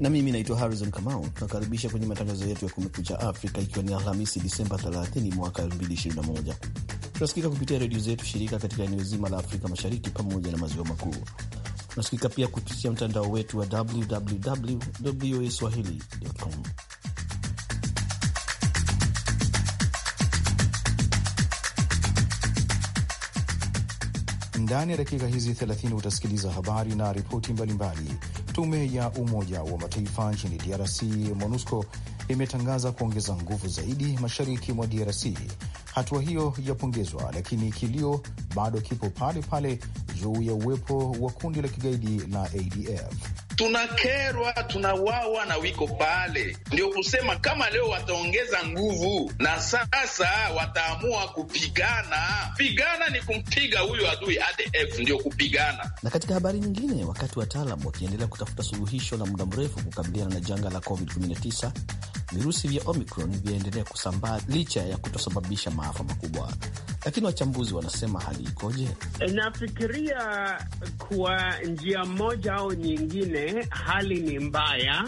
na mimi naitwa Harrison Kamau. Tunakaribisha kwenye matangazo yetu ya Kumekucha Afrika, ikiwa ni Alhamisi Disemba 30 mwaka 2021. Tunasikika kupitia redio zetu shirika katika eneo zima la Afrika Mashariki pamoja na maziwa makuu. Tunasikika pia kupitia mtandao wetu wa www voa Ndani ya dakika hizi 30 utasikiliza habari na ripoti mbalimbali Tume ya Umoja wa Mataifa nchini DRC MONUSCO imetangaza kuongeza nguvu zaidi mashariki mwa DRC. Hatua hiyo yapongezwa, lakini kilio bado kipo pale pale juu ya uwepo wa kundi la kigaidi la ADF tunakerwa, tunawawa na wiko pale. Ndio kusema kama leo wataongeza nguvu na sasa wataamua kupigana, pigana ni kumpiga huyo adui ADF, ndio kupigana. Na katika habari nyingine, wakati wataalam wakiendelea kutafuta suluhisho la muda mrefu kukabiliana na janga la COVID-19 virusi vya Omicron vyaendelea kusambaa licha ya kutosababisha maafa makubwa, lakini wachambuzi wanasema hali ikoje? Nafikiria kwa njia moja au nyingine hali ni mbaya,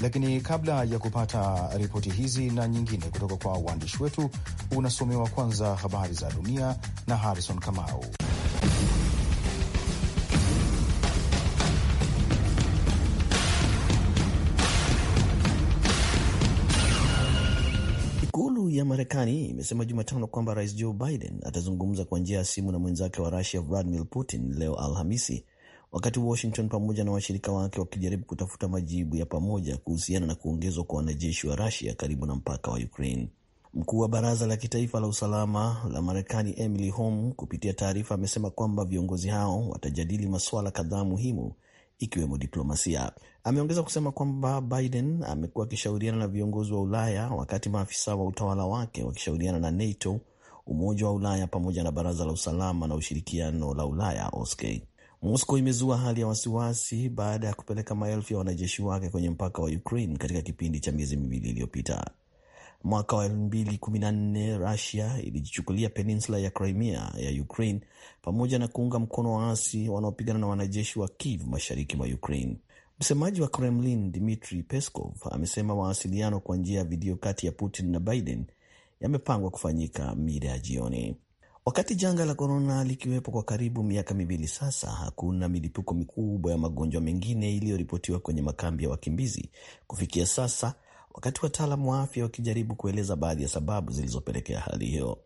lakini kabla ya kupata ripoti hizi na nyingine kutoka kwa waandishi wetu, unasomewa kwanza habari za dunia na Harrison Kamau. Marekani imesema Jumatano kwamba Rais Joe Biden atazungumza kwa njia ya simu na mwenzake wa Rusia Vladimir Putin leo Alhamisi, wakati Washington pamoja na washirika wake wakijaribu kutafuta majibu ya pamoja kuhusiana na kuongezwa kwa wanajeshi wa Rusia karibu na mpaka wa Ukraine. Mkuu wa baraza la kitaifa la usalama la Marekani Emily Holm kupitia taarifa amesema kwamba viongozi hao watajadili masuala kadhaa muhimu ikiwemo diplomasia. Ameongeza kusema kwamba Biden amekuwa akishauriana na viongozi wa Ulaya wakati maafisa wa utawala wake wakishauriana na NATO, Umoja wa Ulaya pamoja na Baraza la Usalama na Ushirikiano la Ulaya OSK. Moscow imezua hali ya wasiwasi baada ya kupeleka maelfu ya wanajeshi wake kwenye mpaka wa Ukraine katika kipindi cha miezi miwili iliyopita. Mwaka wa 2014 rasia ilijichukulia peninsula ya Crimea ya Ukraine pamoja na kuunga mkono waasi wanaopigana na wanajeshi wa Kiev mashariki mwa Ukraine. Msemaji wa Kremlin dmitri Peskov amesema mawasiliano kwa njia ya video kati ya Putin na Biden yamepangwa kufanyika mida ya jioni. Wakati janga la korona likiwepo kwa karibu miaka miwili sasa, hakuna milipuko mikubwa ya magonjwa mengine iliyoripotiwa kwenye makambi ya wakimbizi kufikia sasa, wakati wataalamu wa afya wakijaribu kueleza baadhi ya sababu zilizopelekea hali hiyo.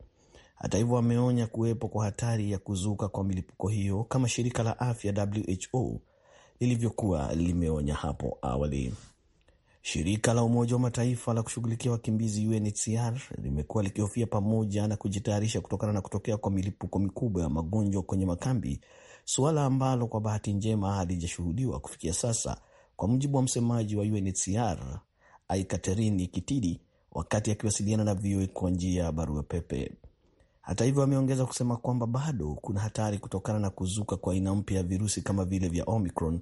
Hata hivyo, wameonya kuwepo kwa hatari ya kuzuka kwa milipuko hiyo kama shirika la afya WHO lilivyokuwa limeonya hapo awali. Shirika la Umoja wa Mataifa la kushughulikia wakimbizi UNHCR limekuwa likihofia pamoja na kujitayarisha kutokana na kutokea kwa milipuko mikubwa ya magonjwa kwenye makambi, suala ambalo kwa bahati njema halijashuhudiwa kufikia sasa, kwa mujibu wa msemaji wa UNHCR Aikaterini Kitidi wakati akiwasiliana na VOA kwa njia ya barua pepe. Hata hivyo, ameongeza kusema kwamba bado kuna hatari kutokana na kuzuka kwa aina mpya ya virusi kama vile vya Omicron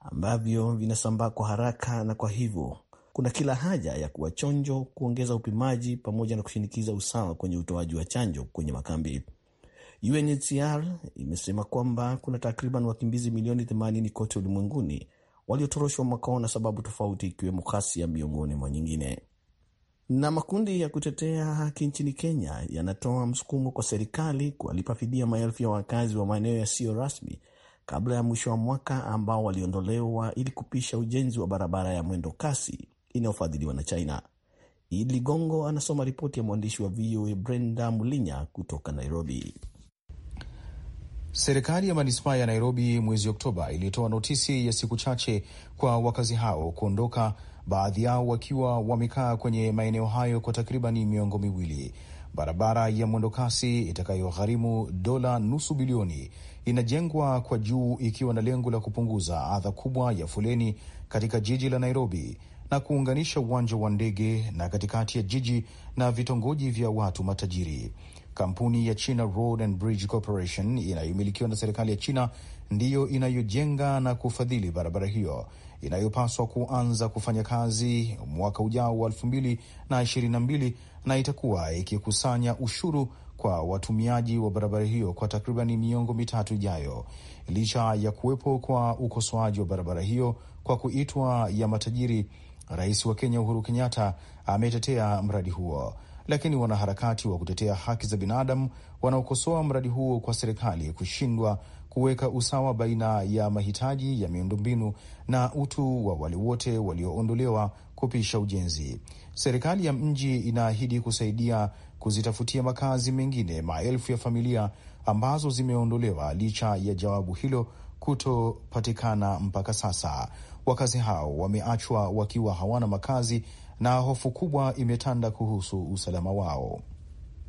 ambavyo vinasambaa kwa haraka, na kwa hivyo kuna kila haja ya kuwa chonjo, kuongeza upimaji pamoja na kushinikiza usawa kwenye utoaji wa chanjo kwenye makambi. UNHCR imesema kwamba kuna takriban wakimbizi milioni 80 kote ulimwenguni waliotoroshwa mwakao na sababu tofauti, ikiwemo ghasia miongoni mwa nyingine. Na makundi ya kutetea haki nchini Kenya yanatoa msukumo kwa serikali kuwalipa fidia maelfu ya wakazi wa maeneo yasiyo rasmi kabla ya mwisho wa mwaka ambao waliondolewa ili kupisha ujenzi wa barabara ya mwendo kasi inayofadhiliwa na China. Idi Ligongo anasoma ripoti ya mwandishi wa VOA Brenda Mulinya kutoka Nairobi. Serikali ya manispaa ya Nairobi mwezi Oktoba ilitoa notisi ya siku chache kwa wakazi hao kuondoka, baadhi yao wakiwa wamekaa kwenye maeneo hayo kwa takribani miongo miwili. Barabara ya mwendokasi itakayogharimu dola nusu bilioni inajengwa kwa juu ikiwa na lengo la kupunguza adha kubwa ya foleni katika jiji la Nairobi na kuunganisha uwanja wa ndege na katikati ya jiji na vitongoji vya watu matajiri. Kampuni ya China Road and Bridge Corporation inayomilikiwa na serikali ya China ndiyo inayojenga na kufadhili barabara hiyo inayopaswa kuanza kufanya kazi mwaka ujao wa elfu mbili na ishirini na mbili na itakuwa ikikusanya ushuru kwa watumiaji wa barabara hiyo kwa takribani miongo mitatu ijayo. Licha ya kuwepo kwa ukosoaji wa barabara hiyo kwa kuitwa ya matajiri, rais wa Kenya Uhuru Kenyatta ametetea mradi huo lakini wanaharakati wa kutetea haki za binadamu wanaokosoa mradi huo kwa serikali kushindwa kuweka usawa baina ya mahitaji ya miundombinu na utu wa wale wote walioondolewa kupisha ujenzi. Serikali ya mji inaahidi kusaidia kuzitafutia makazi mengine maelfu ya familia ambazo zimeondolewa licha ya jawabu hilo kutopatikana mpaka sasa. Wakazi hao wameachwa wakiwa hawana makazi na hofu kubwa imetanda kuhusu usalama wao.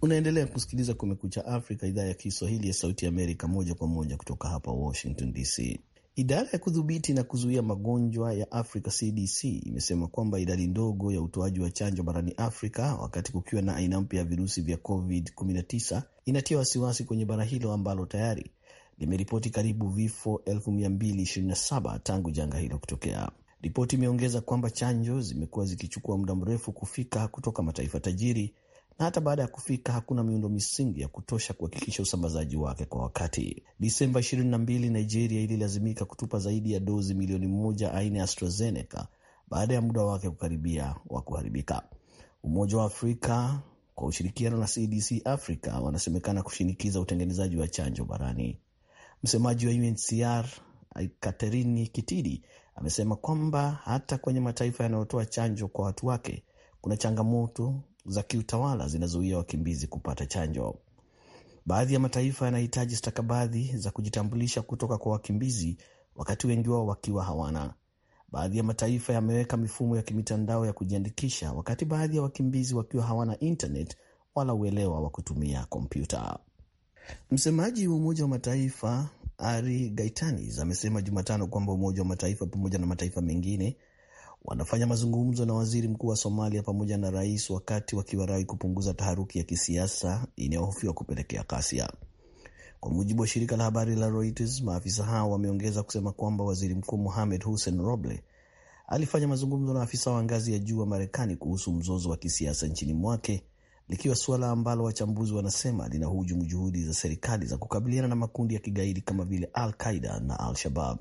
Unaendelea kusikiliza Kumekucha Afrika, idhaa ya Kiswahili ya Sauti Amerika, moja kwa moja kutoka hapa Washington DC. Idara ya kudhibiti na kuzuia magonjwa ya Afrika CDC imesema kwamba idadi ndogo ya utoaji wa chanjo barani Afrika wakati kukiwa na aina mpya ya virusi vya COVID-19 inatia wasiwasi kwenye bara hilo ambalo tayari limeripoti karibu vifo 227 tangu janga hilo kutokea. Ripoti imeongeza kwamba chanjo zimekuwa zikichukua muda mrefu kufika kutoka mataifa tajiri na hata baada ya kufika hakuna miundo misingi ya kutosha kuhakikisha usambazaji wake kwa wakati. Disemba 22, Nigeria ililazimika kutupa zaidi ya dozi milioni moja aina ya AstraZeneca baada ya muda wake kukaribia wa kuharibika. Umoja wa Afrika kwa ushirikiano na CDC Africa wanasemekana kushinikiza utengenezaji wa chanjo barani. Msemaji wa UNHCR Katerini Kitidi amesema kwamba hata kwenye mataifa yanayotoa chanjo kwa watu wake kuna changamoto za kiutawala zinazuia wakimbizi kupata chanjo. Baadhi ya mataifa yanahitaji stakabadhi za kujitambulisha kutoka kwa wakimbizi, wakati wengi wao wakiwa hawana. Baadhi ya mataifa yameweka mifumo ya kimitandao ya kujiandikisha, wakati baadhi ya wakimbizi wakiwa hawana internet wala uelewa wa kutumia kompyuta. Msemaji wa Umoja wa Mataifa Ari Gaitanis amesema Jumatano kwamba Umoja wa Mataifa pamoja na mataifa mengine wanafanya mazungumzo na waziri mkuu wa Somalia pamoja na rais wakati wakiwarai kupunguza taharuki ya kisiasa inayohofiwa kupelekea ghasia. Kwa mujibu wa shirika la habari la Reuters, maafisa hao wameongeza kusema kwamba waziri mkuu Mohamed Hussein Roble alifanya mazungumzo na afisa wa ngazi ya juu wa Marekani kuhusu mzozo wa kisiasa nchini mwake likiwa suala ambalo wachambuzi wanasema linahujumu juhudi za serikali za kukabiliana na makundi ya kigaidi kama vile Al Qaida na Al-Shabab.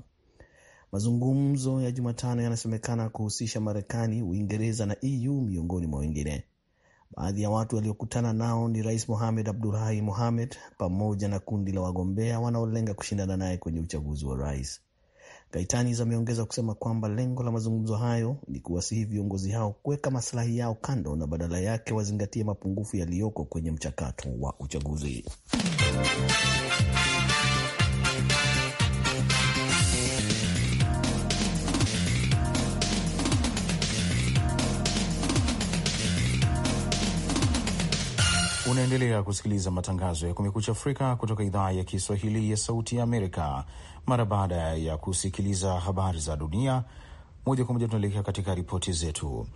Mazungumzo ya Jumatano yanasemekana kuhusisha Marekani, Uingereza na EU miongoni mwa wengine. Baadhi ya watu waliokutana nao ni Rais Mohamed Abdullahi Mohamed pamoja na kundi la wagombea wanaolenga kushindana naye kwenye uchaguzi wa rais. Gaitanis ameongeza kusema kwamba lengo la mazungumzo hayo ni kuwasihi viongozi hao kuweka masilahi yao kando na badala yake wazingatie mapungufu yaliyoko kwenye mchakato wa uchaguzi. Unaendelea kusikiliza matangazo ya Kumekucha Afrika kutoka idhaa ya Kiswahili ya Sauti ya Amerika mara baada ya kusikiliza habari za dunia. Moja kwa moja tunaelekea katika ripoti zetu.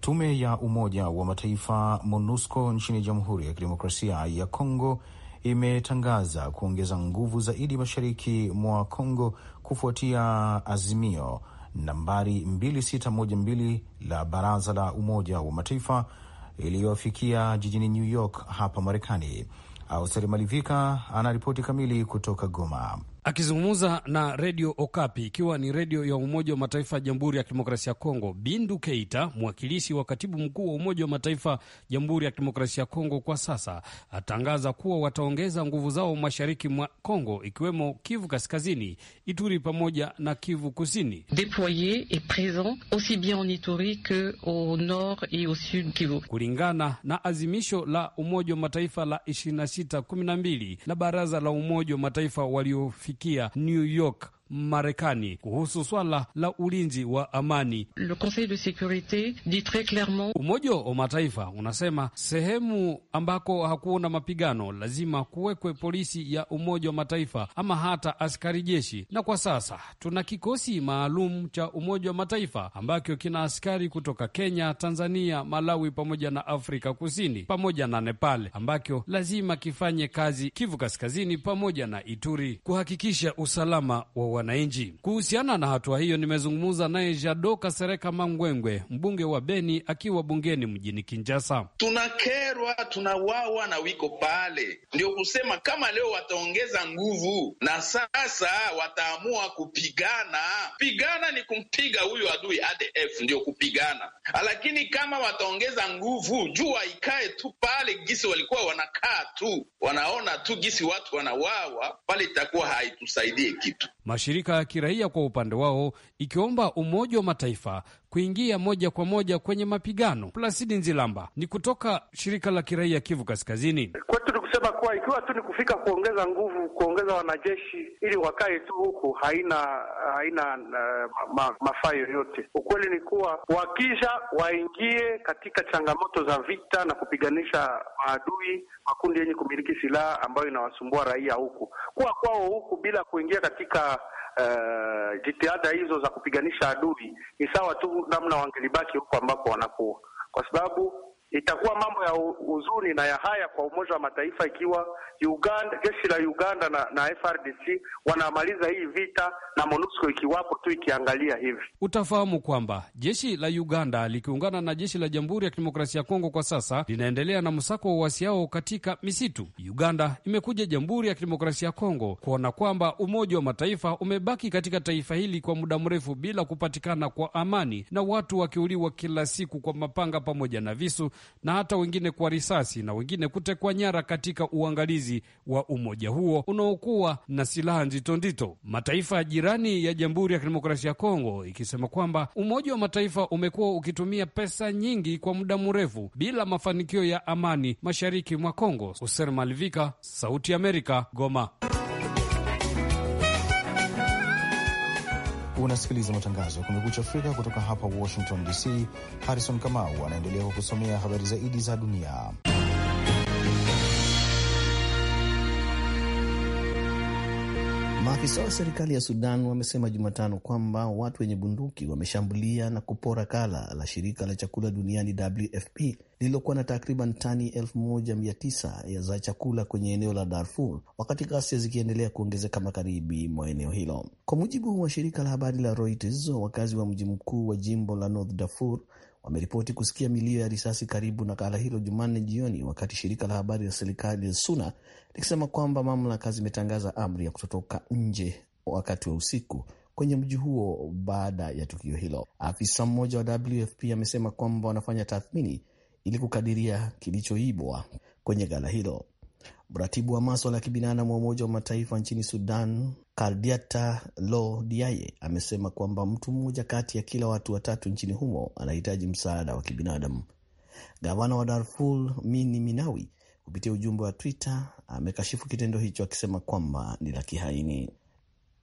Tume ya Umoja wa Mataifa MONUSCO nchini Jamhuri ya Kidemokrasia ya Kongo imetangaza kuongeza nguvu zaidi mashariki mwa Kongo kufuatia azimio nambari 2612 la Baraza la Umoja wa Mataifa iliyofikia jijini New York hapa Marekani. Auseri Malivika anaripoti kamili kutoka Goma. Akizungumza na redio Okapi, ikiwa ni redio ya Umoja wa Mataifa Jamhuri ya Kidemokrasia ya Kongo, Bindu Keita, mwakilishi wa katibu mkuu wa Umoja wa Mataifa Jamhuri ya Kidemokrasia ya Kongo kwa sasa, atangaza kuwa wataongeza nguvu zao mashariki mwa Kongo, ikiwemo Kivu Kaskazini, Ituri pamoja na Kivu Kusini. deploye et present aussi bien en Ituri que au nord et au sud Kivu, kulingana na azimisho la Umoja wa Mataifa la 2612 na Baraza la Umoja wa Mataifa walio kufikia New York Marekani kuhusu swala la ulinzi wa amani. Le Conseil de Securite dit clairement. Umoja wa Mataifa unasema sehemu ambako hakuna mapigano lazima kuwekwe polisi ya Umoja wa Mataifa ama hata askari jeshi, na kwa sasa tuna kikosi maalum cha Umoja wa Mataifa ambacho kina askari kutoka Kenya, Tanzania, Malawi pamoja na Afrika Kusini pamoja na Nepal ambacho lazima kifanye kazi Kivu Kaskazini pamoja na Ituri kuhakikisha usalama wa wananchi. Kuhusiana na hatua hiyo, nimezungumza naye jado kasereka Mangwengwe, mbunge wa Beni, akiwa bungeni mjini Kinjasa. Tunakerwa, tunawawa na wiko pale, ndio kusema kama leo wataongeza nguvu na sasa wataamua kupigana. Pigana ni kumpiga huyo adui ADF, ndio kupigana, lakini kama wataongeza nguvu, juu waikae tu pale gisi walikuwa wanakaa tu, wanaona tu gisi watu wanawawa pale, itakuwa haitusaidie kitu mashirika ya kiraia kwa upande wao ikiomba Umoja wa Mataifa kuingia moja kwa moja kwenye mapigano. Plasidi Nzilamba ni kutoka shirika la kiraia Kivu Kaskazini. Kwetu ni kusema kuwa ikiwa tu ni kufika kuongeza nguvu, kuongeza wanajeshi ili wakae tu huku, haina haina uh, ma, mafaa yoyote. Ukweli ni kuwa wakisha waingie katika changamoto za vita na kupiganisha maadui, makundi yenye kumiliki silaha ambayo inawasumbua raia huku, kuwa kwao huku bila kuingia katika uh, jitihada hizo za kupiganisha adui ni sawa tu namna wangelibaki huko ambapo wanakuwa, kwa sababu itakuwa mambo ya huzuni na ya haya kwa Umoja wa Mataifa ikiwa Uganda, jeshi la Uganda na, na FRDC wanamaliza hii vita na MONUSCO ikiwapo tu ikiangalia hivi. Utafahamu kwamba jeshi la Uganda likiungana na jeshi la Jamhuri ya Kidemokrasia ya Kongo kwa sasa linaendelea na msako wa wasiao katika misitu. Uganda imekuja Jamhuri ya Kidemokrasia ya Kongo kuona kwamba Umoja wa Mataifa umebaki katika taifa hili kwa muda mrefu bila kupatikana kwa amani na watu wakiuliwa kila siku kwa mapanga pamoja na visu na hata wengine kwa risasi na wengine kutekwa nyara katika uangalizi wa umoja huo unaokuwa na silaha nzito nzito. Mataifa jirani ya Jamhuri ya Kidemokrasia ya Kongo ikisema kwamba Umoja wa Mataifa umekuwa ukitumia pesa nyingi kwa muda mrefu bila mafanikio ya amani mashariki mwa Kongo. Hoser Malivika, Sauti ya Amerika, Goma. Unasikiliza matangazo ya Kumekucha Afrika kutoka hapa Washington DC. Harrison Kamau anaendelea kukusomea habari zaidi za dunia. Maafisa wa serikali ya Sudan wamesema Jumatano kwamba watu wenye bunduki wameshambulia na kupora kala la shirika la chakula duniani WFP lililokuwa na takriban tani 1900 za chakula kwenye eneo la Darfur, wakati ghasia zikiendelea kuongezeka magharibi mwa eneo hilo. Kwa mujibu wa shirika la habari la Reuters, wakazi wa mji mkuu wa jimbo la North Darfur wameripoti kusikia milio ya risasi karibu na ghala hilo Jumanne jioni, wakati shirika la habari la serikali SUNA likisema kwamba mamlaka zimetangaza amri ya kutotoka nje wakati wa usiku kwenye mji huo baada ya tukio hilo. Afisa mmoja wa WFP amesema kwamba wanafanya tathmini ili kukadiria kilichoibwa kwenye ghala hilo. Mratibu wa maswala ya kibinadamu wa Umoja wa Mataifa nchini Sudan, Kardiata Lo Diaye, amesema kwamba mtu mmoja kati ya kila watu watatu nchini humo anahitaji msaada wa kibinadamu. Gavana wa Darfur Mini Minawi kupitia ujumbe wa Twitter amekashifu kitendo hicho akisema kwamba ni la kihaini.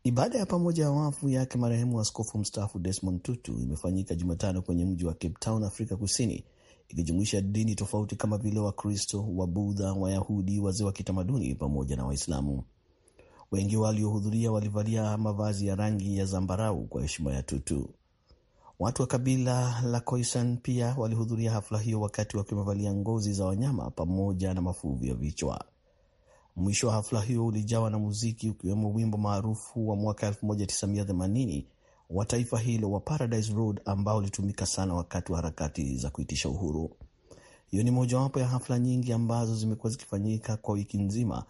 Ibada ya pamoja ya wafu yake marehemu askofu mstaafu Desmond Tutu imefanyika Jumatano kwenye mji wa Cape Town, Afrika Kusini, ikijumuisha dini tofauti kama vile Wakristo, Wabudha, Wayahudi, wazee wa kitamaduni pamoja na Waislamu. Wengi waliohudhuria walivalia mavazi ya rangi ya zambarau kwa heshima ya Tutu. Watu wa kabila la Khoisan pia walihudhuria hafla hiyo, wakati wakiwa wamevalia ngozi za wanyama pamoja na mafuvu ya vichwa. Mwisho wa hafla hiyo ulijawa na muziki, ukiwemo wimbo maarufu wa mwaka 1980 wa taifa hilo wa Paradise Road ambao ulitumika sana wakati wa harakati za kuitisha uhuru. Hiyo ni mojawapo ya hafla nyingi ambazo zimekuwa zikifanyika kwa wiki nzima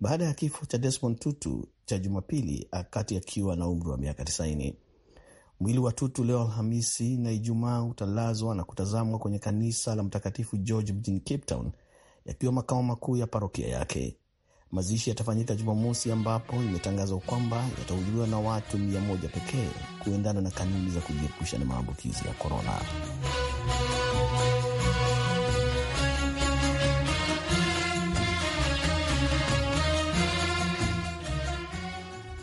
baada ya kifo cha Desmond Tutu cha Jumapili, akati akiwa na umri wa miaka 90. Mwili wa Tutu leo Alhamisi na Ijumaa utalazwa na kutazamwa kwenye kanisa la Mtakatifu George mjini Cape Town, yakiwa makao makuu ya parokia yake. Mazishi yatafanyika Jumamosi, ambapo imetangazwa kwamba yatahudhuriwa na watu mia moja pekee kuendana na kanuni za kujiepusha na maambukizi ya korona.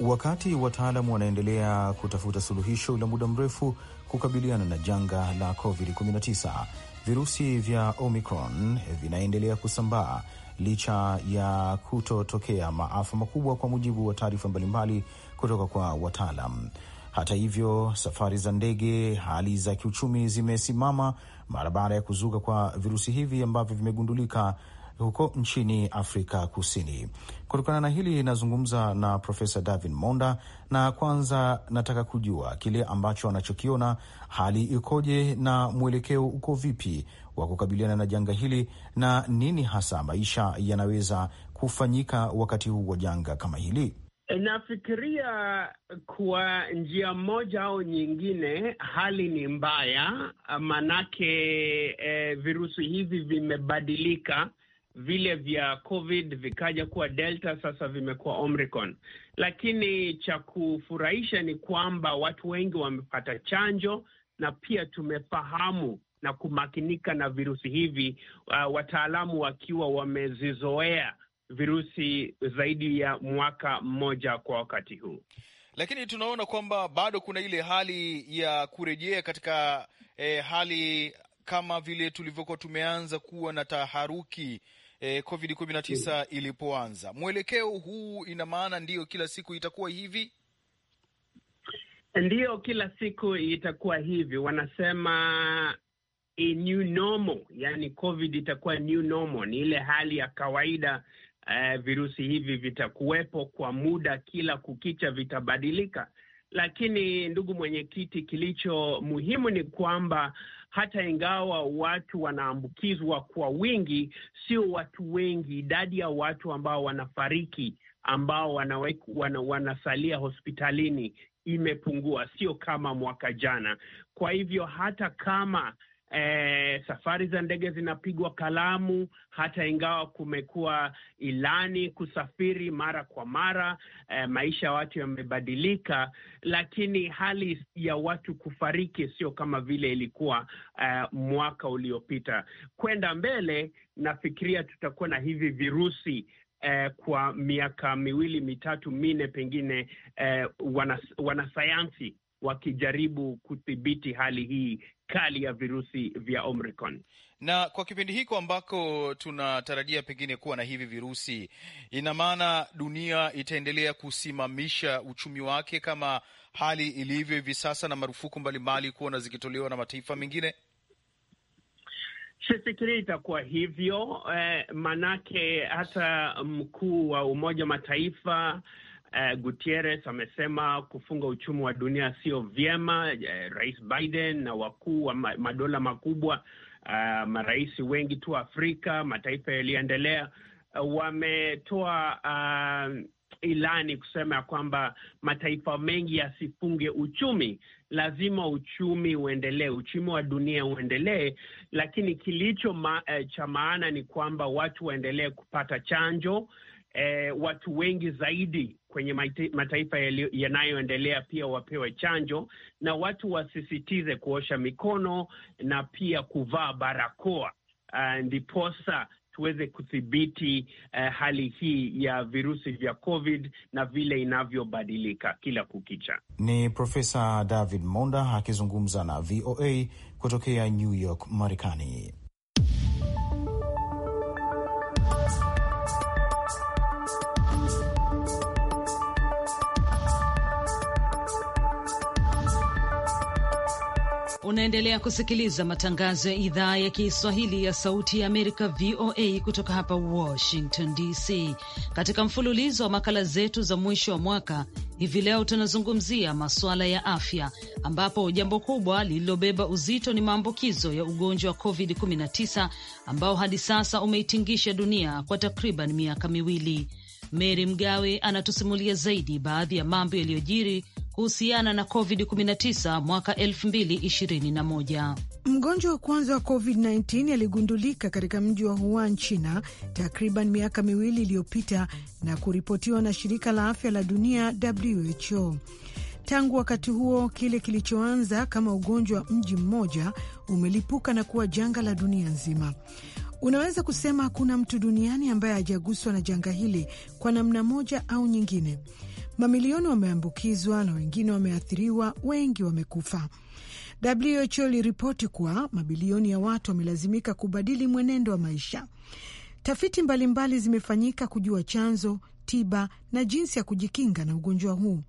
Wakati wataalamu wanaendelea kutafuta suluhisho la muda mrefu kukabiliana na janga la COVID-19, virusi vya Omicron vinaendelea kusambaa licha ya kutotokea maafa makubwa, kwa mujibu wa taarifa mbalimbali kutoka kwa wataalam. Hata hivyo, safari za ndege, hali za kiuchumi zimesimama mara baada ya kuzuka kwa virusi hivi ambavyo vimegundulika huko nchini Afrika Kusini. Kutokana na hili, nazungumza na Profesa Davin Monda, na kwanza nataka kujua kile ambacho anachokiona, hali ikoje na mwelekeo uko vipi wa kukabiliana na janga hili, na nini hasa maisha yanaweza kufanyika wakati huu wa janga kama hili. Nafikiria kwa njia moja au nyingine hali ni mbaya, manake eh, virusi hivi vimebadilika vile vya COVID vikaja kuwa Delta, sasa vimekuwa Omicron. Lakini cha kufurahisha ni kwamba watu wengi wamepata chanjo na pia tumefahamu na kumakinika na virusi hivi, uh, wataalamu wakiwa wamezizoea virusi zaidi ya mwaka mmoja kwa wakati huu, lakini tunaona kwamba bado kuna ile hali ya kurejea katika eh, hali kama vile tulivyokuwa tumeanza kuwa na taharuki eh, Covid 19 hmm. ilipoanza. Mwelekeo huu ina maana ndiyo kila siku itakuwa hivi? Ndiyo kila siku itakuwa hivi. Wanasema a new normal, yani Covid itakuwa new normal, ni ile hali ya kawaida Eh, virusi hivi vitakuwepo kwa muda, kila kukicha vitabadilika. Lakini ndugu mwenyekiti, kilicho muhimu ni kwamba hata ingawa watu wanaambukizwa kwa wingi, sio watu wengi. Idadi ya watu ambao wanafariki ambao wanawe, wana, wanasalia hospitalini imepungua, sio kama mwaka jana. Kwa hivyo hata kama eh, safari za ndege zinapigwa kalamu, hata ingawa kumekuwa ilani kusafiri mara kwa mara eh, maisha ya watu yamebadilika, lakini hali ya watu kufariki sio kama vile ilikuwa eh, mwaka uliopita. Kwenda mbele, nafikiria tutakuwa na hivi virusi Eh, kwa miaka miwili mitatu minne pengine eh, wanasayansi wakijaribu kudhibiti hali hii kali ya virusi vya Omicron. Na kwa kipindi hiko ambako tunatarajia pengine kuwa na hivi virusi, ina maana dunia itaendelea kusimamisha uchumi wake kama hali ilivyo hivi sasa, na marufuku mbalimbali kuona zikitolewa na mataifa mengine? Sifikiri itakuwa hivyo eh, manake hata mkuu wa Umoja wa Mataifa Uh, Gutierrez amesema kufunga uchumi wa dunia sio vyema. Uh, Rais Biden na wakuu wa madola makubwa, uh, marais wengi tu Afrika, mataifa yaliyoendelea uh, wametoa uh, ilani kusema ya kwamba mataifa mengi yasifunge uchumi. Lazima uchumi uendelee, uchumi wa dunia uendelee, lakini kilicho ma, uh, cha maana ni kwamba watu waendelee kupata chanjo. Eh, watu wengi zaidi kwenye mataifa yanayoendelea pia wapewe chanjo na watu wasisitize kuosha mikono na pia kuvaa barakoa, uh, ndiposa tuweze kudhibiti uh, eh, hali hii ya virusi vya COVID na vile inavyobadilika kila kukicha. Ni Profesa David Monda akizungumza na VOA kutokea New York, Marekani. Unaendelea kusikiliza matangazo ya idhaa ya Kiswahili ya Sauti ya Amerika, VOA, kutoka hapa Washington DC. Katika mfululizo wa makala zetu za mwisho wa mwaka, hivi leo tunazungumzia masuala ya afya, ambapo jambo kubwa lililobeba uzito ni maambukizo ya ugonjwa wa COVID-19 ambao hadi sasa umeitingisha dunia kwa takriban miaka miwili. Mary Mgawe anatusimulia zaidi baadhi ya mambo yaliyojiri kuhusiana na COVID-19 mwaka 2021. Mgonjwa wa kwanza wa COVID-19 aligundulika katika mji wa Wuhan, China, takriban miaka miwili iliyopita na kuripotiwa na shirika la afya la dunia WHO. Tangu wakati huo, kile kilichoanza kama ugonjwa wa mji mmoja umelipuka na kuwa janga la dunia nzima. Unaweza kusema hakuna mtu duniani ambaye hajaguswa na janga hili kwa namna moja au nyingine. Mamilioni wameambukizwa na wengine wameathiriwa, wengi wamekufa. WHO iliripoti kuwa mabilioni ya watu wamelazimika kubadili mwenendo wa maisha. Tafiti mbalimbali mbali zimefanyika kujua chanzo, tiba na jinsi ya kujikinga na ugonjwa huu.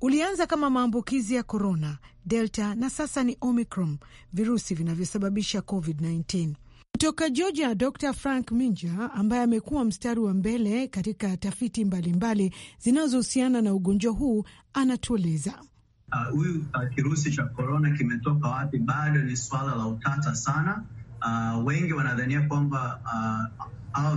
Ulianza kama maambukizi ya korona, delta na sasa ni omicron, virusi vinavyosababisha covid-19. Kutoka Georgia, Dr Frank Minja ambaye amekuwa mstari wa mbele katika tafiti mbalimbali zinazohusiana na ugonjwa huu anatueleza. Ah, huyu uh, uh, kirusi cha korona kimetoka wapi? Bado ni swala la utata sana uh, wengi wanadhania kwamba uh,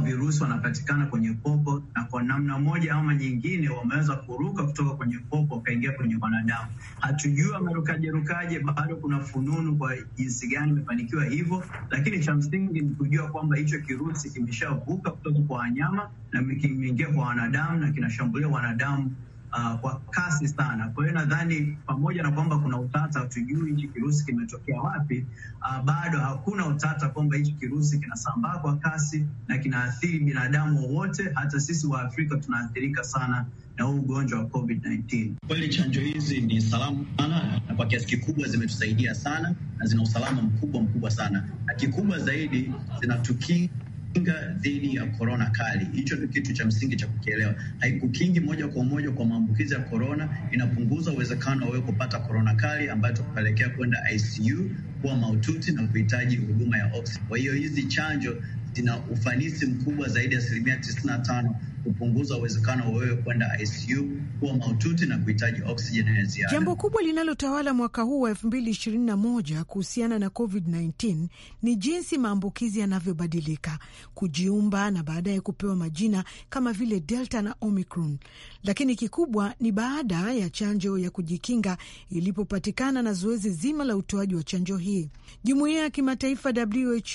virusi wanapatikana kwenye popo na kwa namna moja ama nyingine wameweza kuruka kutoka kwenye popo wakaingia kwenye wanadamu. Hatujui amerukaje rukaje, bado kuna fununu kwa jinsi gani imefanikiwa hivyo, lakini cha msingi ni kujua kwamba hicho kirusi kimeshavuka kutoka kwa wanyama na kimeingia kwa wanadamu na kinashambulia wanadamu uh, kwa kasi sana. Kwa hiyo nadhani pamoja na kwamba kuna utata, hatujui hichi kirusi kimetokea wapi, uh, bado hakuna utata kwamba hichi kirusi kinasambaa kwa kasi na kinaathiri binadamu wowote hata sisi wa Afrika tunaathirika sana na huu ugonjwa wa COVID-19. Kweli chanjo hizi ni salamu sana na kwa kiasi kikubwa zimetusaidia sana na zina usalama mkubwa mkubwa sana, na kikubwa zaidi zinatukinga kinga dhidi ya korona kali. Hicho ni kitu cha msingi cha kukielewa. Haikukingi moja kwa moja kwa maambukizi ya korona, inapunguza uwezekano wa wewe kupata korona kali ambayo tukupelekea kwenda ICU, kuwa maututi na kuhitaji huduma ya oksijeni. Kwa hiyo hizi chanjo zina ufanisi mkubwa zaidi ya asilimia tisini na tano kupunguza uwezekano wa wewe kwenda ICU kuwa mahututi na kuhitaji oksijeni ya ziada. Jambo kubwa linalotawala mwaka huu wa 2021 kuhusiana na COVID-19 ni jinsi maambukizi yanavyobadilika, kujiumba na baadaye kupewa majina kama vile Delta na Omicron. Lakini kikubwa ni baada ya chanjo ya kujikinga ilipopatikana na zoezi zima la utoaji wa chanjo hii. Jumuiya ya kimataifa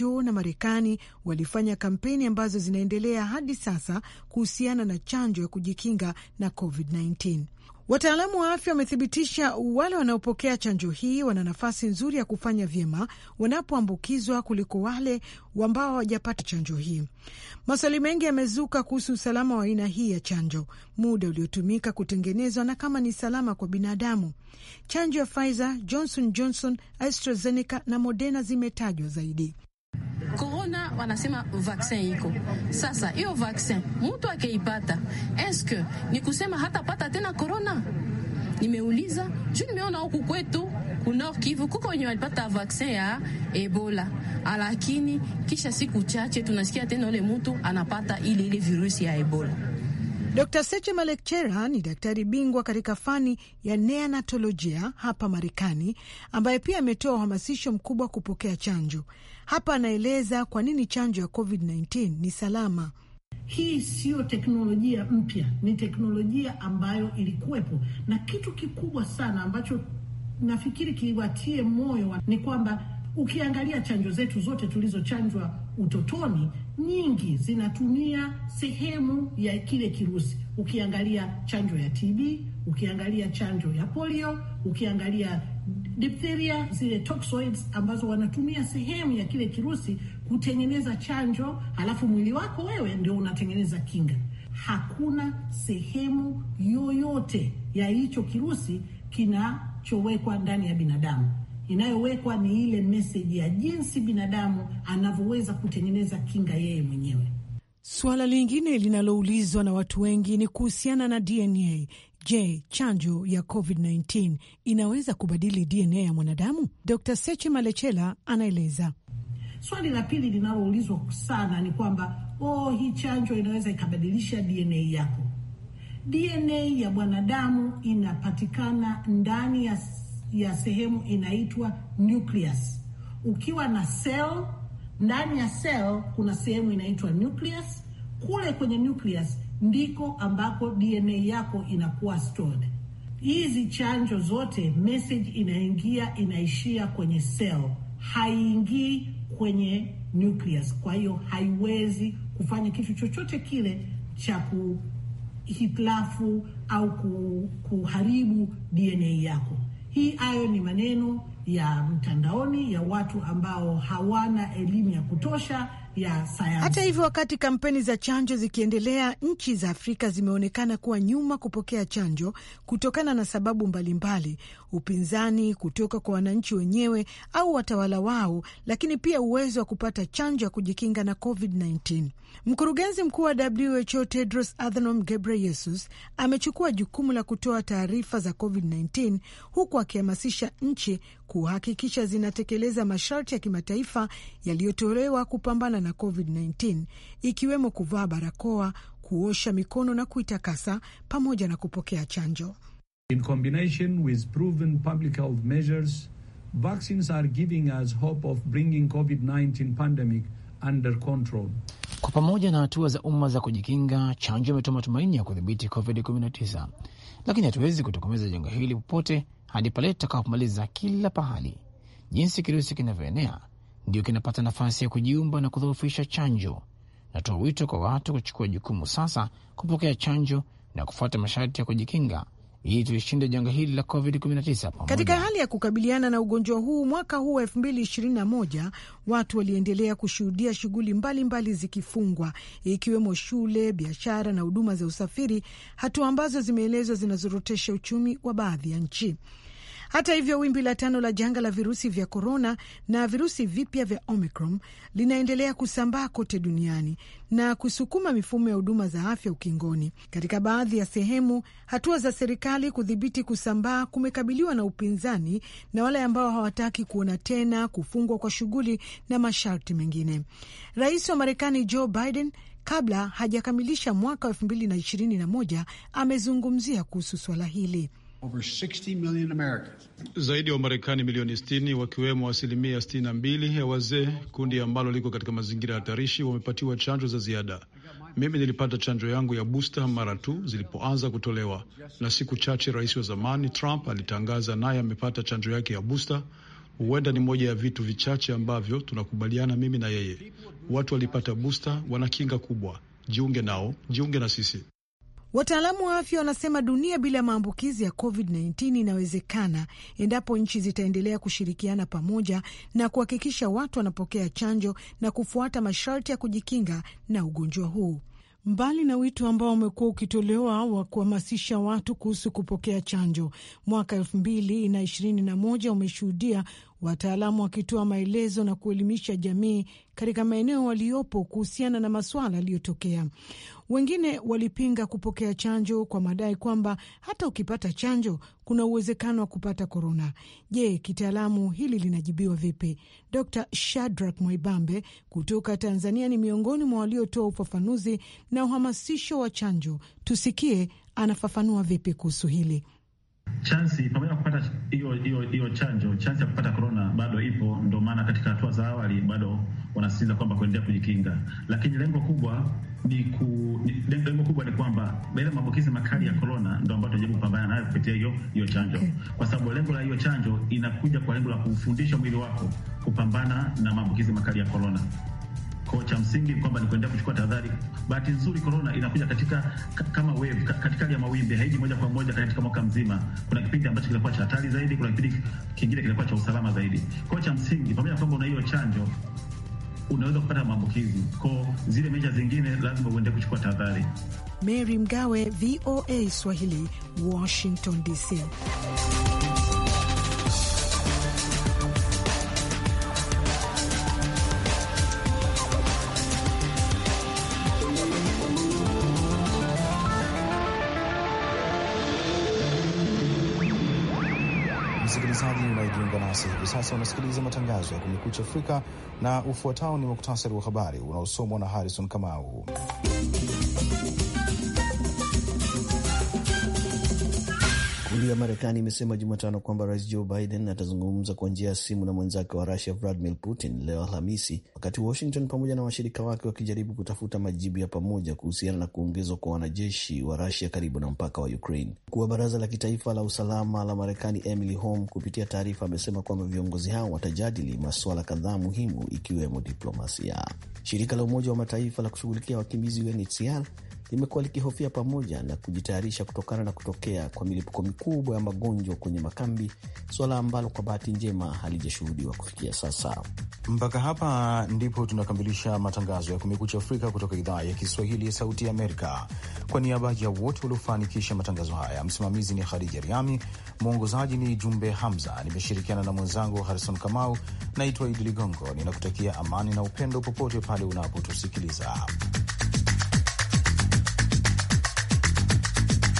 WHO na Marekani walifanya kampeni ambazo zinaendelea hadi sasa kuhusiana na chanjo ya kujikinga na COVID-19. Wataalamu wa afya wamethibitisha wale wanaopokea chanjo hii wana nafasi nzuri ya kufanya vyema wanapoambukizwa kuliko wale ambao hawajapata chanjo hii. Maswali mengi yamezuka kuhusu usalama wa aina hii ya chanjo, muda uliotumika kutengenezwa na kama ni salama kwa binadamu. Chanjo ya Pfizer, Johnson Johnson, AstraZeneca na Moderna zimetajwa zaidi corona wanasema vaccin iko sasa. Hiyo vaccin mtu akeipata, eske ni kusema pata tena corona? Nimeuliza juu nimeona huku kwetu Nord Kivu kuko wenye walipata vaccin ya Ebola, lakini kisha siku chache tunasikia tena ule mtu anapata ile ile virusi ya Ebola. Dr Seche Malekchera ni daktari bingwa katika fani ya neonatolojia hapa Marekani, ambaye pia ametoa uhamasisho mkubwa kupokea chanjo. Hapa anaeleza kwa nini chanjo ya COVID-19 ni salama. Hii siyo teknolojia mpya, ni teknolojia ambayo ilikuwepo, na kitu kikubwa sana ambacho nafikiri kiwatie moyo ni kwamba Ukiangalia chanjo zetu zote tulizochanjwa utotoni, nyingi zinatumia sehemu ya kile kirusi. Ukiangalia chanjo ya TB, ukiangalia chanjo ya polio, ukiangalia diphtheria, zile toxoids ambazo wanatumia sehemu ya kile kirusi kutengeneza chanjo, halafu mwili wako wewe ndio unatengeneza kinga. Hakuna sehemu yoyote ya hicho kirusi kinachowekwa ndani ya binadamu inayowekwa ni ile meseji ya jinsi binadamu anavyoweza kutengeneza kinga yeye mwenyewe. Suala lingine linaloulizwa na watu wengi ni kuhusiana na DNA. Je, chanjo ya COVID-19 inaweza kubadili DNA ya mwanadamu? Dr Seche Malechela anaeleza. Swali la pili linaloulizwa sana ni kwamba oh, hii chanjo inaweza ikabadilisha DNA yako. DNA ya mwanadamu inapatikana ndani ya ya sehemu inaitwa nucleus. Ukiwa na cell, ndani ya cell kuna sehemu inaitwa nucleus. Kule kwenye nucleus ndiko ambako DNA yako inakuwa stored. Hizi chanjo zote, message inaingia inaishia kwenye cell, haiingii kwenye nucleus. Kwa hiyo haiwezi kufanya kitu chochote kile cha kuhitilafu au kuharibu DNA yako. Hii ayo ni maneno ya mtandaoni ya watu ambao hawana elimu ya kutosha hata hivyo, wakati kampeni za chanjo zikiendelea, nchi za Afrika zimeonekana kuwa nyuma kupokea chanjo kutokana na sababu mbalimbali mbali, upinzani kutoka kwa wananchi wenyewe au watawala wao, lakini pia uwezo wa kupata chanjo ya kujikinga na COVID-19. Mkurugenzi mkuu wa WHO Tedros Adhanom Ghebreyesus amechukua jukumu la kutoa taarifa za COVID-19 huku akihamasisha nchi kuhakikisha zinatekeleza masharti ya kimataifa yaliyotolewa kupambana na COVID-19 ikiwemo kuvaa barakoa, kuosha mikono na kuitakasa pamoja na kupokea chanjo. In combination with proven public health measures, vaccines are giving us hope of bringing COVID-19 pandemic under control. Kwa pamoja na hatua za umma za kujikinga, chanjo imetoa matumaini ya kudhibiti COVID-19, lakini hatuwezi kutokomeza janga hili popote hadi pale tutakapomaliza kila pahali. Jinsi kirusi kinavyoenea ndiyo kinapata nafasi ya kujiumba na kudhoofisha chanjo. Natoa wito kwa watu kuchukua jukumu sasa kupokea chanjo na kufuata masharti ya kujikinga ili tulishinda janga hili la COVID-19. Katika hali ya kukabiliana na ugonjwa huu, mwaka huu wa 2021 watu waliendelea kushuhudia shughuli mbalimbali zikifungwa, ikiwemo shule, biashara na huduma za usafiri, hatua ambazo zimeelezwa zinazorotesha uchumi wa baadhi ya nchi. Hata hivyo, wimbi la tano la janga la virusi vya korona na virusi vipya vya Omicron linaendelea kusambaa kote duniani na kusukuma mifumo ya huduma za afya ukingoni. Katika baadhi ya sehemu, hatua za serikali kudhibiti kusambaa kumekabiliwa na upinzani na wale ambao hawataki kuona tena kufungwa kwa shughuli na masharti mengine. Rais wa Marekani Joe Biden kabla hajakamilisha mwaka wa elfu mbili na ishirini na moja amezungumzia kuhusu swala hili. Over 60 million Americans. Zaidi ya wa Wamarekani milioni 60 wakiwemo asilimia 62 ya wazee, kundi ambalo liko katika mazingira hatarishi, wamepatiwa chanjo za ziada. Mimi nilipata chanjo yangu ya busta mara tu zilipoanza kutolewa, na siku chache rais wa zamani Trump alitangaza naye amepata chanjo yake ya busta. Huenda ni moja ya vitu vichache ambavyo tunakubaliana mimi na yeye. Watu walipata busta, wana kinga kubwa. Jiunge nao, jiunge na sisi. Wataalamu wa afya wanasema dunia bila maambukizi ya COVID-19 inawezekana endapo nchi zitaendelea kushirikiana pamoja na kuhakikisha watu wanapokea chanjo na kufuata masharti ya kujikinga na ugonjwa huu. Mbali na wito ambao umekuwa ukitolewa wa kuhamasisha watu kuhusu kupokea chanjo, mwaka elfu mbili na ishirini na moja umeshuhudia wataalamu wakitoa maelezo na kuelimisha jamii katika maeneo waliopo kuhusiana na masuala yaliyotokea. Wengine walipinga kupokea chanjo kwa madai kwamba hata ukipata chanjo kuna uwezekano wa kupata korona. Je, kitaalamu hili linajibiwa vipi? Dr Shadrack Mwaibambe kutoka Tanzania ni miongoni mwa waliotoa ufafanuzi na uhamasisho wa chanjo. Tusikie anafafanua vipi kuhusu hili chansi pamoja na kupata hiyo hiyo hiyo chanjo, chansi ya kupata corona bado ipo. Ndio maana katika hatua za awali bado wanasisitiza kwamba kuendelea kujikinga, lakini lengo kubwa ni ku, lengo kubwa ni kwamba bila maambukizi makali ya corona ndio ambayo tunajaribu kupambana nayo kupitia hiyo hiyo chanjo okay. Kwa sababu lengo la hiyo chanjo inakuja kwa lengo la kufundisha mwili wako kupambana na maambukizi makali ya corona. Kwa cha msingi kwamba ni kuendelea kuchukua tahadhari. Bahati nzuri korona inakuja katika kama wave, katika hali ya mawimbi, haiji moja kwa moja katika mwaka mzima. Kuna kipindi ambacho kinakuwa cha hatari zaidi, kuna kipindi kingine kilikuwa cha usalama zaidi. Kwa cha msingi, pamoja na kwamba una hiyo chanjo unaweza kupata maambukizi. Kwa zile meja zingine lazima uendee kuchukua tahadhari. Mary Mgawe, VOA Swahili, Washington DC. basi hivi sasa unasikiliza matangazo ya Kumekucha Afrika na ufuatao ni muktasari wa habari unaosomwa na Harrison Kamau. Ikulu ya Marekani imesema Jumatano kwamba Rais Joe Biden atazungumza kwa njia ya simu na mwenzake wa Rusia Vladimir Putin leo Alhamisi, wakati Washington pamoja na washirika wake wakijaribu kutafuta majibu ya pamoja kuhusiana na kuongezwa kwa wanajeshi wa Rusia karibu na mpaka wa Ukraine. Mkuu wa Baraza la Kitaifa la Usalama la Marekani Emily Holm kupitia taarifa amesema kwamba viongozi hao watajadili masuala kadhaa muhimu ikiwemo diplomasia. Shirika la Umoja wa Mataifa la kushughulikia wakimbizi UNHCR limekuwa likihofia pamoja na kujitayarisha kutokana na kutokea kwa milipuko mikubwa ya magonjwa kwenye makambi, suala ambalo kwa bahati njema halijashuhudiwa kufikia sasa. Mpaka hapa ndipo tunakamilisha matangazo ya Kumekucha Afrika kutoka idhaa ya Kiswahili ya Sauti ya Amerika. Kwa niaba ya wote waliofanikisha matangazo haya, msimamizi ni Khadija Riami, mwongozaji ni Jumbe Hamza, nimeshirikiana na mwenzangu Harison Kamau. Naitwa Idi Ligongo, ninakutakia amani na upendo popote pale unapotusikiliza.